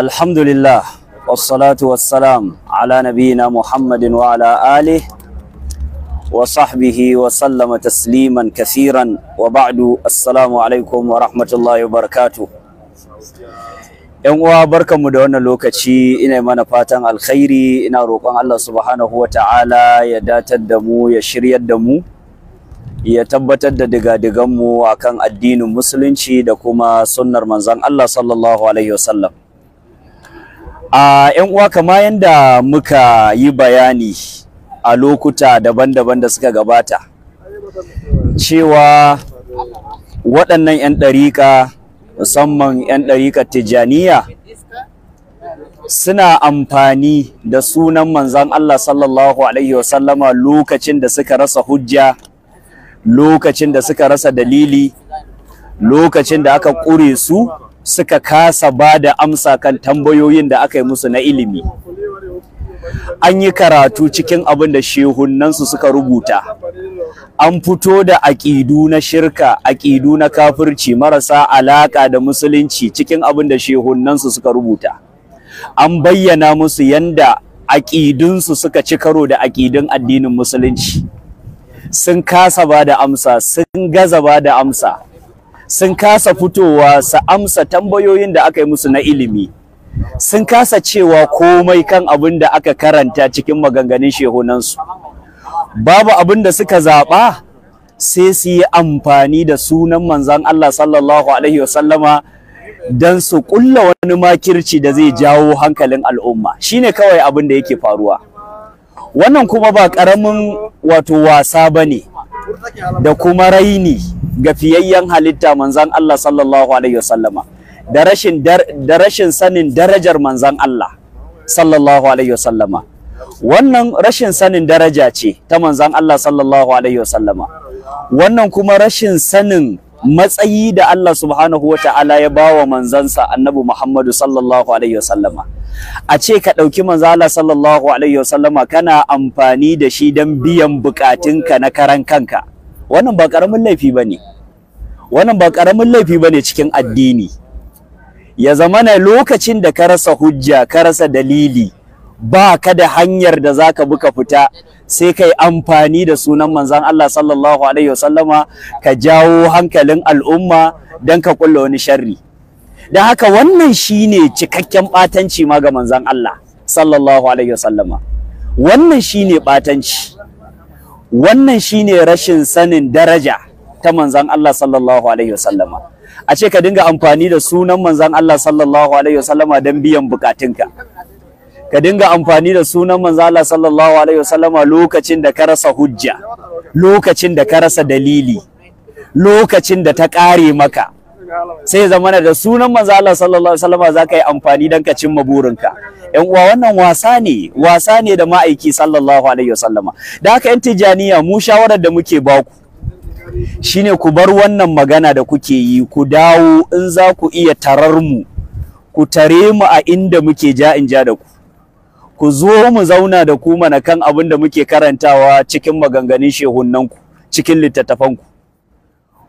Alhamdulillah, wassalatu wassalam ala nabiyyina Muhammadin wa ala alih wa sahbihi wa sallama tasliman kasiran wa ba'du assalamu alaikum wa rahmatullahi wa barakatuh. ‘Yan uwa mu da wannan lokaci ina mana fatan alkhairi ina roƙon Allah subhanahu wa ta'ala ya datar da mu ya shiryar da mu. ya tabbatar da diga-diganmu a kan addinin musulunci da kuma sunnar manzan Allah sallallahu Alaihi wasallam. A ‘yan uwa kama yadda muka yi bayani a lokuta daban-daban da suka gabata, cewa waɗannan ‘yan ɗariƙa musamman ‘yan ɗariƙar Tijjaniya suna amfani da sunan manzan Allah sallallahu Alaihi wasallama lokacin da suka rasa hujja. lokacin da suka rasa dalili lokacin da aka ƙure su suka kasa ba da amsa kan tambayoyin da aka yi musu na ilimi an yi karatu cikin abin da shehunansu suka rubuta an fito da aƙidu na shirka aƙidu na kafirci marasa alaƙa da musulunci cikin abin da shehunansu suka rubuta an bayyana musu yanda aƙidunsu suka ci karo da aƙidun addinin musulunci sun kasa ba da amsa sun gaza ba da amsa sun kasa fitowa su amsa tambayoyin da aka yi musu na ilimi sun kasa cewa komai kan abin da aka karanta cikin maganganun shehunansu babu abin da suka zaɓa sai su yi amfani da sunan manzan Allah sallallahu alaihi wasallama don su ƙulla wani makirci da zai jawo hankalin al'umma shine kawai abin da yake faruwa wannan kuma ba ƙaramin wato wasa ba ne da kuma raini ga fiyayyen halitta manzan Allah sallallahu alaihi wasallama da rashin da rashin sanin darajar manzan Allah sallallahu alaihi wasallama wannan rashin sanin daraja ce ta manzan Allah sallallahu alaihi wasallama wannan kuma rashin sanin matsayi da Allah subhanahu wa ta'ala ya ba wa manzansa annabi Muhammadu sallallahu alaihi wasallama a ce ka ɗauki manzo Allah sallallahu alaihi wasallama kana amfani da shi don biyan bukatunka na karan kanka wannan ba karamin laifi ba ne wannan ba ƙaramin laifi ba ne cikin addini ya zamana lokacin da ka rasa hujja ka rasa dalili ba ka da hanyar da za ka buka fita sai kai amfani da sunan manzan Allah sallallahu alaihi wasallama ka jawo hankalin al'umma don ka kulla wani sharri da haka wannan shine cikakken batanci ma ga manzan Allah sallallahu alaihi wasallama wannan shine batanci wannan shine rashin sanin daraja ta manzan Allah sallallahu alaihi wasallama a ce ka dinga amfani da sunan manzan Allah sallallahu alaihi wasallama don biyan bukatunka ka dinga amfani da sunan manzo Allah sallallahu alaihi wasallama lokacin da ka rasa hujja lokacin da ka rasa dalili lokacin da ta kare maka sai zamana da sunan manzo Allah sallallahu alaihi wasallama zaka yi amfani dan ka cimma burinka yan uwa wannan wasa ne wasa ne da ma'aiki sallallahu alaihi wasallama da haka yan tijaniya mu shawarar da muke baku shine ku bar wannan magana da kuke yi ku dawo in za ku iya tarar mu ku tare mu a inda muke ja in ja da ku ku zo mu zauna da ku mana kan abin da muke karantawa cikin maganganun shehunnanku cikin littattafanku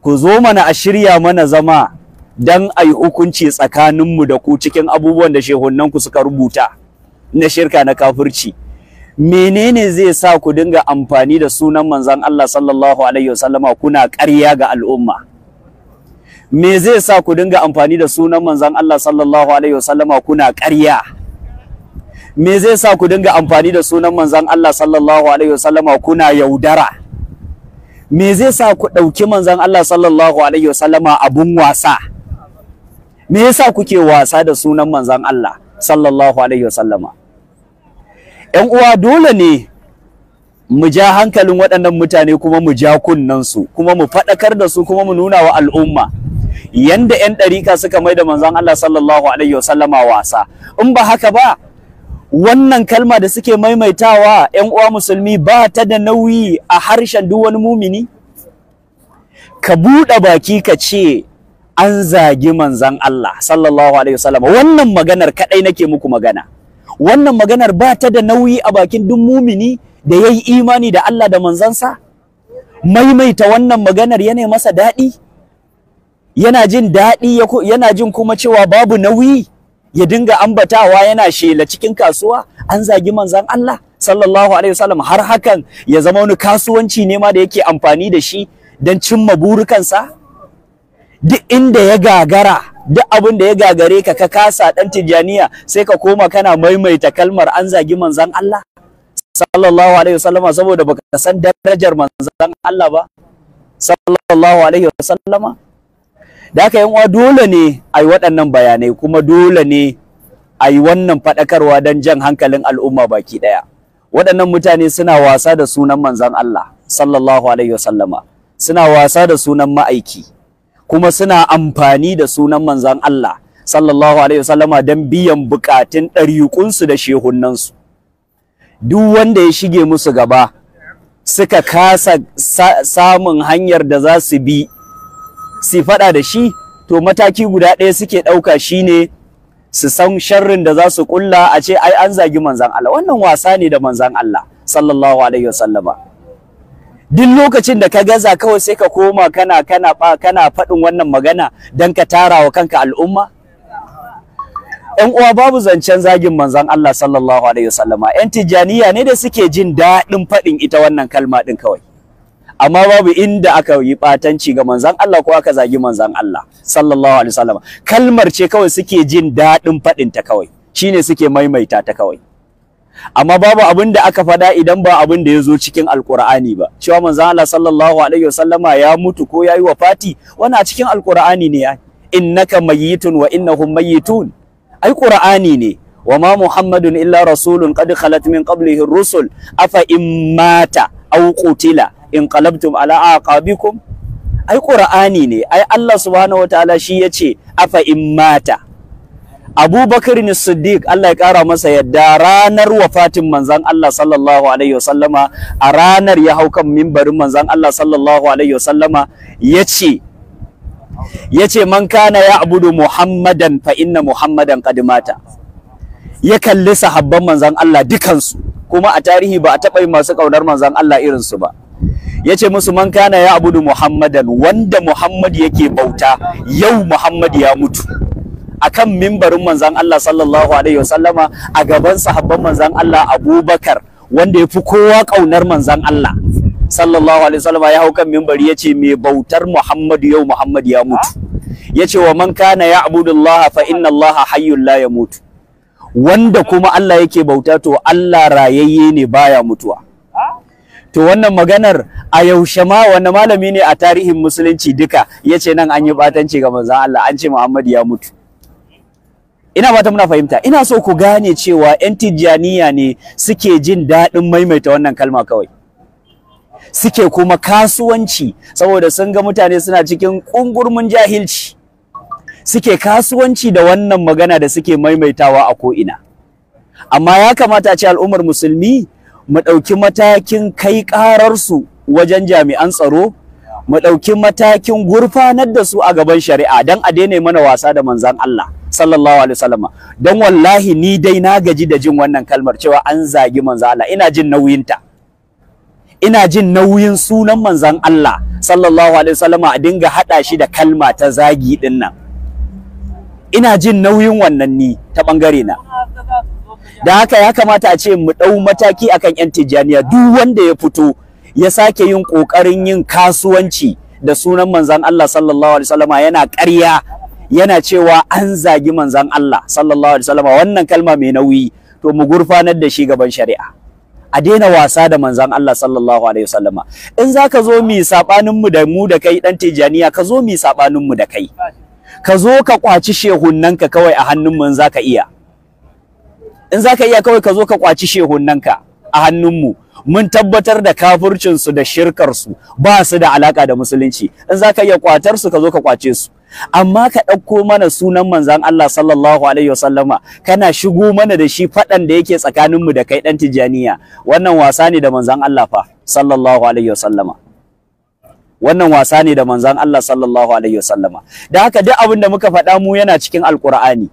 ku zo mana a shirya mana zama dan a yi hukunci tsakaninmu da ku cikin abubuwan da shehunnanku suka rubuta na shirka na kafirci menene zai sa ku dinga amfani da sunan manzan Allah sallallahu alaihi wasallama kuna ƙarya ga al'umma me zai sa ku dinga amfani da sunan manzan Allah sallallahu alaihi wasallama kuna ƙarya me zai sa ku dinga amfani da sunan manzon Allah sallallahu alaihi wasallama kuna yaudara me zai sa ku ɗauki manzon Allah sallallahu alaihi wasallama abun wasa me yasa kuke wasa da sunan manzon Allah sallallahu alaihi wasallama ƴan uwa dole ne mu ja hankalin waɗannan mutane kuma mu ja kunnensu kuma mu faɗakar da su kuma mu nuna wa al'umma yanda 'yan ɗarika suka mai da manzon Allah sallallahu alaihi wasallama wasa in ba haka ba wannan kalma da suke maimaitawa ‘yan uwa musulmi ba ta da nauyi a harshen duk wani mumini? Ka buɗe baki ka ce an zagi manzan Allah sallallahu Alaihi wasallam wannan maganar kaɗai nake muku magana. Wannan maganar ba ta da nauyi a bakin duk mumini da yayi imani da Allah da manzansa? Maimaita wannan maganar yana masa daɗi? Yana jin daɗi yana jin kuma cewa babu nauyi? ya dinga ambatawa yana shela cikin kasuwa an zagi manzan Allah sallallahu alaihi wasallam har hakan ya zama wani kasuwanci ne ma da yake amfani da shi don cimma burukansa duk inda ya gagara duk abin da ya gagare ka ka kasa dan tijaniya sai ka koma kana maimaita kalmar an zagi manzan Allah sallallahu alaihi wasallam saboda baka san darajar manzan Allah ba sallallahu alaihi wasallam da haka yan uwa dole ne a yi waɗannan bayanai kuma dole ne a yi wannan faɗakarwa don jan hankalin al'umma baki ɗaya waɗannan mutane suna wasa da sunan manzan Allah sallallahu alaihi wasallama suna wasa da sunan ma'aiki kuma suna amfani da sunan manzan Allah sallallahu alaihi wasallama don biyan bukatun ɗariƙunsu da shehunansu duk wanda ya shige musu gaba suka kasa samun hanyar da za su bi su faɗa da shi to mataki guda ɗaya suke ɗauka shine su san sharrin da za su ƙulla a ce ai an zagi manzan Allah wannan wasa ne da manzan Allah sallallahu alaihi wasallama duk lokacin da ka gaza kawai sai ka koma kana kana kana faɗin wannan magana dan ka tara wa kanka al'umma ‘yan uwa babu zancen zagin manzan Allah sallallahu Alaihi wasallama ‘yan tijjaniya ne da suke jin daɗin faɗin ita wannan kalma ɗin kawai. amma babu inda aka yi ɓatanci ga manzan Allah ko aka zagi manzan Allah sallallahu alaihi wasallam kalmar ce kawai suke jin daɗin faɗin ta kawai shine suke maimaita ta kawai amma babu abin da aka faɗa idan ba abin da ya zo cikin alkur'ani ba cewa manzan Allah sallallahu alaihi wasallam ya mutu ko ya yi wafati wani a cikin alkur'ani ne ya innaka mayyitun wa innahum mayyitun ai qur'ani ne wa ma muhammadun illa rasulun qad khalat min qablihi rusul afa in mata aw qutila in qalabtum ala aqabikum ai qur'ani ne ai Allah subhanahu wataala shi yace afa in mata abubakar ne siddiq allah ya kara masa yadda ranar wafatin manzan allah sallallahu alaihi wasallama a ranar ya hau kan mimbarin manzan allah sallallahu alaihi wasallama ya ce man kana ya abudu muhammadan fa inna muhammadan kadimata ya kalli sahabban manzan allah dukansu kuma a tarihi ba a taɓa yin masu ƙaunar manzan allah irinsu ba Ya ce musu man kana ya abudu muhammadan wanda muhammad yake bauta yau muhammad ya mutu akan mimbarin manzan Allah sallallahu alaihi wasallama a gaban sahabban manzan Allah Abubakar wanda ya fi kowa kaunar manzan Allah sallallahu alaihi wasallama ya hau kan mimbari yace mai bautar muhammad yau muhammad ya mutu Ya ce wa man kana ya abudu Allah fa inna Allah hayyul la yamutu wanda kuma Allah yake bauta to Allah rayayye ne baya mutuwa to wannan maganar a yaushe ma wani malami ne a tarihin musulunci duka ya ce nan an yi batanci ga manzan Allah an ce Muhammad ya mutu ina mata muna fahimta ina so ku gane cewa yan tijjaniya ne suke jin daɗin maimaita wannan kalma kawai suke kuma kasuwanci saboda sun ga mutane suna cikin ƙungurmin jahilci suke kasuwanci da wannan magana da suke maimaitawa a ko'ina amma ya kamata a ce al'ummar musulmi mu ɗauki matakin kai ƙararsu wajen jami'an tsaro mu ɗauki matakin gurfanar da su a gaban shari'a don a daina mana wasa da manzan Allah sallallahu alaihi wasallam don wallahi ni dai na gaji da jin wannan kalmar cewa an zagi manzan Allah ina jin nauyinta ina jin nauyin sunan manzan Allah sallallahu alaihi wasallam a dinga haɗa shi da kalma ta zagi ɗinnan. ina jin nauyin wannan ni ta bangare na da haka ya kamata a ce mu ɗau mataki akan 'yan Tijaniya duk wanda ya fito ya sake yin ƙoƙarin yin kasuwanci da sunan manzan Allah sallallahu alaihi wasallama yana ƙarya yana cewa an zagi manzan Allah sallallahu alaihi wasallama wannan kalma mai nauyi to mu gurfanar da shi gaban shari'a a daina wasa da manzan Allah sallallahu alaihi wasallama in zaka zo mi sabanin mu da mu da kai dan tijaniya ka zo mi sabanin mu da kai ka zo ka kwaci shehunnanka kawai a hannun mu zaka iya in za ka iya kawai ka zo ka kwaci shehunanka a hannunmu mun tabbatar da kafircinsu da shirkarsu ba su da alaka da musulunci in za ka iya kwatar su ka zo ka kwace su amma ka ɗauko mana sunan manzan Allah sallallahu alaihi wasallama kana shigo mana da shi faɗan da yake tsakaninmu da kai ɗan tijaniya wannan wasa ne da manzan Allah fa sallallahu alaihi wasallama wannan wasa ne da manzan Allah sallallahu alaihi wasallama da haka duk abin da muka faɗa mu yana cikin alkur'ani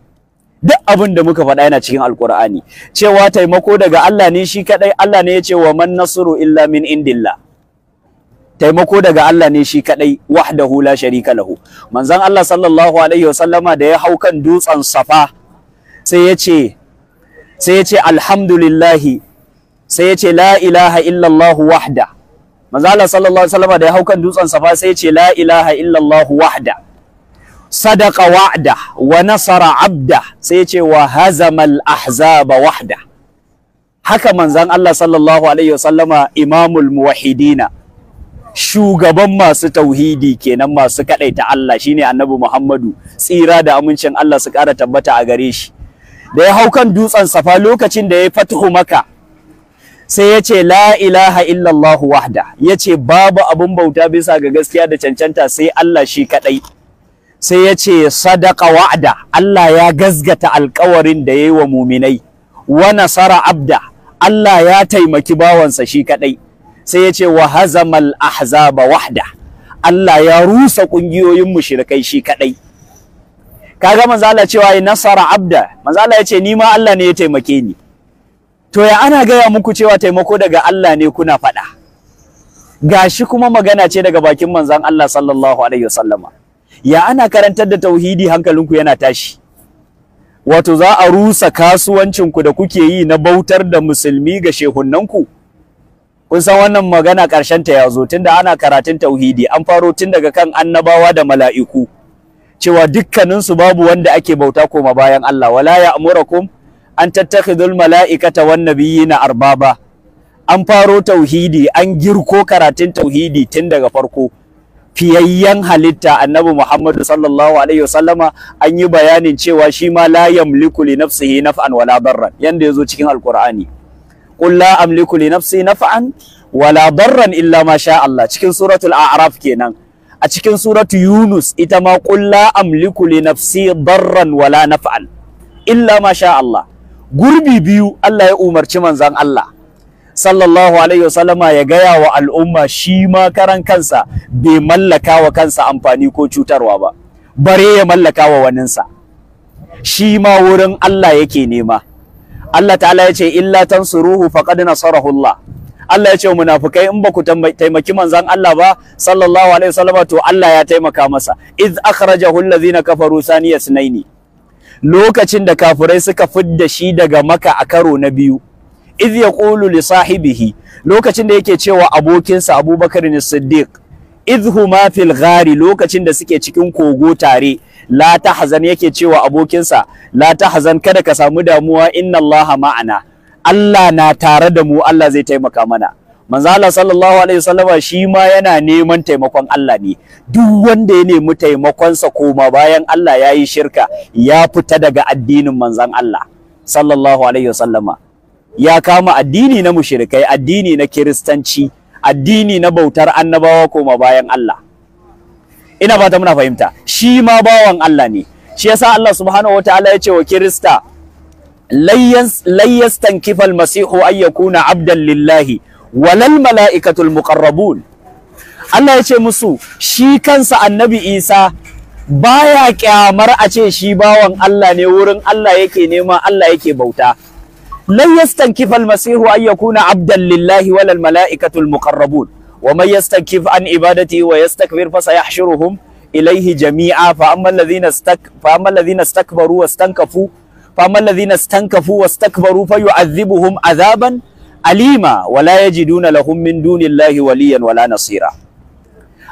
duk abin da muka faɗa yana cikin alkur'ani cewa taimako daga Allah ne shi kadai Allah ne ya ce wa man nasru illa min indillah taimako daga Allah ne shi kadai wahdahu la sharika lahu manzon Allah sallallahu alaihi wasallama da ya hau kan dutsen safa sai ya ce sai ya ce alhamdulillahi sai ya ce la ilaha Allah wahda manzon Allah sallallahu alaihi wasallama da ya hau kan dutsen safa sai ya ce la ilaha Allah wahda sadaka wa'da wa nasara abda sai ce wa hazamal ahzaba wahda haka manzan Allah sallallahu alaihi wasallama imamul muwahidina shugaban masu tauhidi kenan masu kadaita Allah shine annabi Muhammadu tsira da amincin Allah su kara tabbata a gare shi da ya hau kan dutsen safa lokacin da ya fatuhu maka sai ya ce la ilaha illallah wahda ya ce babu abun bauta bisa ga gaskiya da cancanta sai Allah shi kadai sai ya ce sadaka wa'ada Allah ya gazgata alkawarin da ya yi wa muminai wa nasara abda Allah ya taimaki bawansa shi kaɗai. sai ya ce wa hazamal ahzaba wahda Allah ya rusa kungiyoyin mushrikai shi kadai kaga manzo Allah cewa nasara abda manzo Allah ya ce ni ma Allah ne ya taimake ni to ya ana gaya muku cewa taimako daga Allah ne kuna faɗa gashi kuma magana ce daga bakin manzon Allah sallallahu alaihi wasallama ya ana karantar da tauhidi hankalinku yana tashi wato za a rusa kasuwancinku da kuke yi na bautar da musulmi ga shehunnanku? kun san wannan magana ƙarshen ta ya zo tunda ana karatun tauhidi an faro tun daga kan annabawa da mala'iku cewa dukkaninsu babu wanda ake bauta koma bayan Allah wala ya'murakum an tattakhidul mala'ikata wan nabiyina arbaba an faro tauhidi an girko karatun tauhidi tun daga farko fiyayyen halitta annabi Muhammadu sallallahu alaihi wasallama an yi bayanin cewa shi ma la yamliku li nafsihi naf'an wala darran yanda yazo cikin alqur'ani qul la amliku li nafsi naf'an wala darran illa ma sha Allah cikin suratul a'raf kenan a cikin suratul yunus ita ma qul la amliku li nafsi darran wala naf'an illa ma sha Allah gurbi biyu Allah ya umarci manzon Allah sallallahu alaihi wasallama ya gaya wa al'umma shi ma karan kansa bai mallaka wa kansa amfani ko cutarwa ba bare ya mallaka wa waninsa shi ma wurin Allah yake nema Allah ta'ala ya ce illa tansuruhu faqad nasarahu Allah Allah ya ce munafukai in ba ku taimaki manzan Allah ba sallallahu alaihi wasallama to Allah ya taimaka masa iz akhrajahu allazina kafaru saniya sunaini lokacin da kafirai suka fidda shi daga maka a karo na biyu idh yaqulu li sahibihi lokacin da yake cewa abokinsa Abubakar ne Siddiq idh huma fil ghari lokacin da suke cikin kogo tare la tahzan yake cewa abokinsa la tahzan kada ka samu damuwa inna Allah ma'ana Allah na tare da mu Allah zai taimaka mana manzo Allah sallallahu alaihi wasallama shi ma yana neman taimakon Allah ne duk wanda ya nemi taimakonsa koma bayan Allah ya yi shirka ya fita daga addinin manzon Allah sallallahu alaihi wasallama ya kama addini na mushrikai addini na kiristanci addini na bautar annabawa koma bayan Allah ina fata muna fahimta shi ma bawan Allah ne shi yasa Allah subhanahu wataala ya ce wa kirista layyastan kifal masihu an yakuna abdan lillahi walal mala'ikatul muqarrabun Allah ya ce musu shi kansa annabi Isa baya kyamar a ce shi bawan Allah ne wurin Allah yake nema Allah yake bauta lan yastankif almasihu an yakuna abdan lillahi wal malaikatu almuqarrabun wa man yastankif an ibadati wa yastakbir fa sayahshuruhum ilayhi jami'a fa amma alladhina istak fa amma alladhina istakbaru wastankafu fa amma alladhina istankafu wastakbaru fayu'adhibuhum adhaban alima wa la yajiduna lahum min dunillahi waliyan wala nasira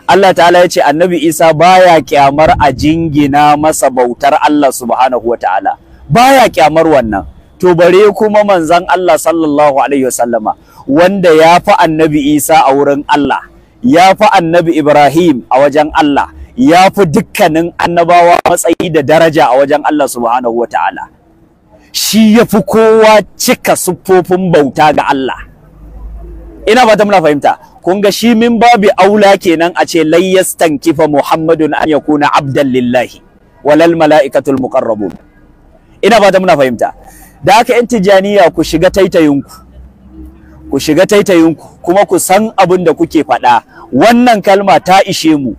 Allah ta'ala ya ce annabi Isa baya kyamar a jingina masa bautar Allah subhanahu wa ta'ala baya kyamar wannan to bare kuma manzan Allah sallallahu alaihi wasallama wanda ya fi annabi Isa a wurin Allah ya fi annabi Ibrahim a wajen Allah ya fi dukkanin annabawa matsayi da daraja a wajen Allah subhanahu wa ta'ala shi ya fi kowa cika siffofin bauta ga Allah ina fata muna fahimta kun ga shi min babu aula kenan a ce layyastan kifa muhammadun an yakuna abdan lillahi walal mala'ikatul muqarrabun ina fata muna fahimta da haka yan tijaniya ku shiga taitayinku ku shiga taitayinku kuma ku san abin da kuke faɗa wannan kalma ta ishe mu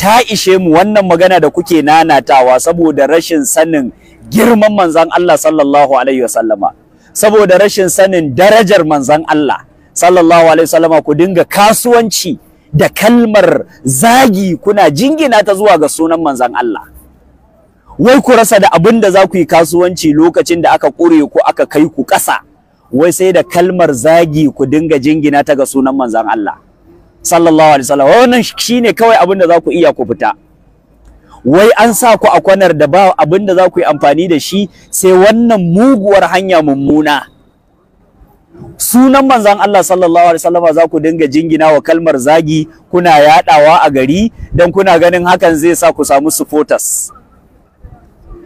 ta ishe mu wannan magana da kuke nanatawa saboda rashin sanin girman manzan Allah sallallahu alaihi wasallama saboda rashin sanin darajar manzan Allah sallallahu alaihi wasallama ku dinga kasuwanci da kalmar zagi kuna jingina ta zuwa ga sunan manzan Allah wai ku rasa da abin da za ku yi kasuwanci lokacin da aka ƙure ku aka kai ku ƙasa wai sai da kalmar zagi ku dinga jingina ta ga sunan manzan Allah sallallahu alaihi wasallam wannan shine kawai abin da za ku iya ku fita wai an sa ku a kwanar da ba abin da za ku yi amfani da shi sai wannan muguwar hanya mummuna sunan manzan Allah sallallahu alaihi wasallam za ku dinga jingina wa kalmar zagi kuna yadawa a gari dan kuna ganin hakan zai sa ku samu supporters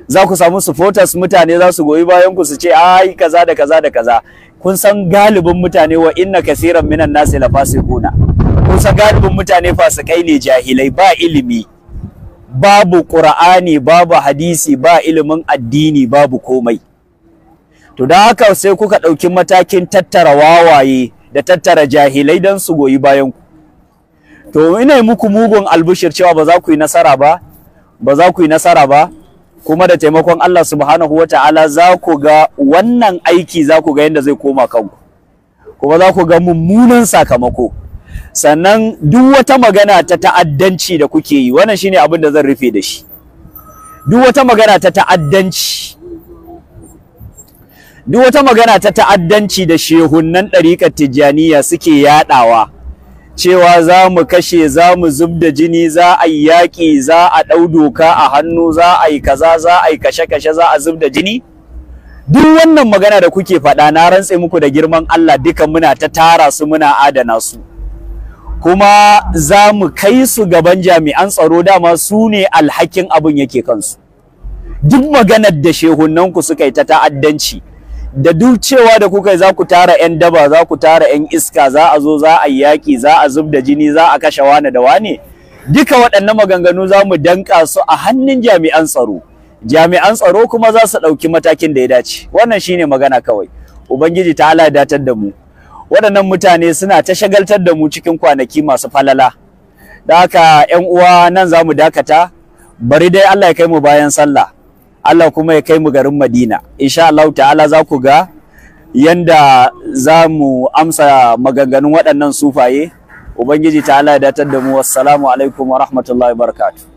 za ku samu supporters mutane za su goyi bayan ku su ce ai kaza da kaza da kaza kun san galibin mutane wa inna kasiran minan nasi la fasiquna kun san galibin mutane fasikai ne jahilai ba ilimi babu qur'ani babu hadisi ba ilimin addini babu komai to da haka sai kuka ɗauki matakin tattara wawaye da tattara jahilai don su goyi bayan ku to ina muku mugun albushir cewa ba za ku yi nasara ba ba za ku yi nasara ba kuma da taimakon Allah subhanahu ta'ala za ku ga wannan aiki za ku ga yadda zai koma kanku kuma za ku ga mummunan sakamako sannan duk wata magana ta ta'addanci da kuke yi wannan shine abin da zan rufe da shi duk wata magana ta ta'addanci duk wata magana ta ta'addanci da shehunnan ɗariƙar tijjaniya suke yaɗawa cewa za mu kashe za mu zub da jini za a yi yaƙi za a ɗau doka a hannu za a yi kaza za a yi kashe-kashe za a zub da jini duk wannan magana da kuke faɗa na rantse muku da girman Allah duka muna ta tara su muna adana su kuma za mu kai su gaban jami'an tsaro dama su ne alhakin abin yake kansu duk maganar da shehunanku suka yi ta ta'addanci da duk cewa da kuka za ku tara 'yan daba za ku tara 'yan iska za a zo za a yaƙi za a zub da jini za a kashe wane da wane duka waɗannan maganganu za mu danka su a hannun jami'an tsaro jami'an tsaro kuma za su ɗauki matakin da ya dace wannan shine magana kawai ubangiji ta ala datar da mu waɗannan mutane suna ta shagaltar da mu cikin kwanaki masu falala da haka 'yan uwa nan za mu dakata bari dai allah ya kai mu bayan sallah Allah kuma ya kai mu garin Madina insha Allah ta'ala za ku ga yanda za mu amsa maganganun waɗannan sufaye Ubangiji ta'ala ya datar da mu wassalamu alaikum wa rahmatullahi barakatuh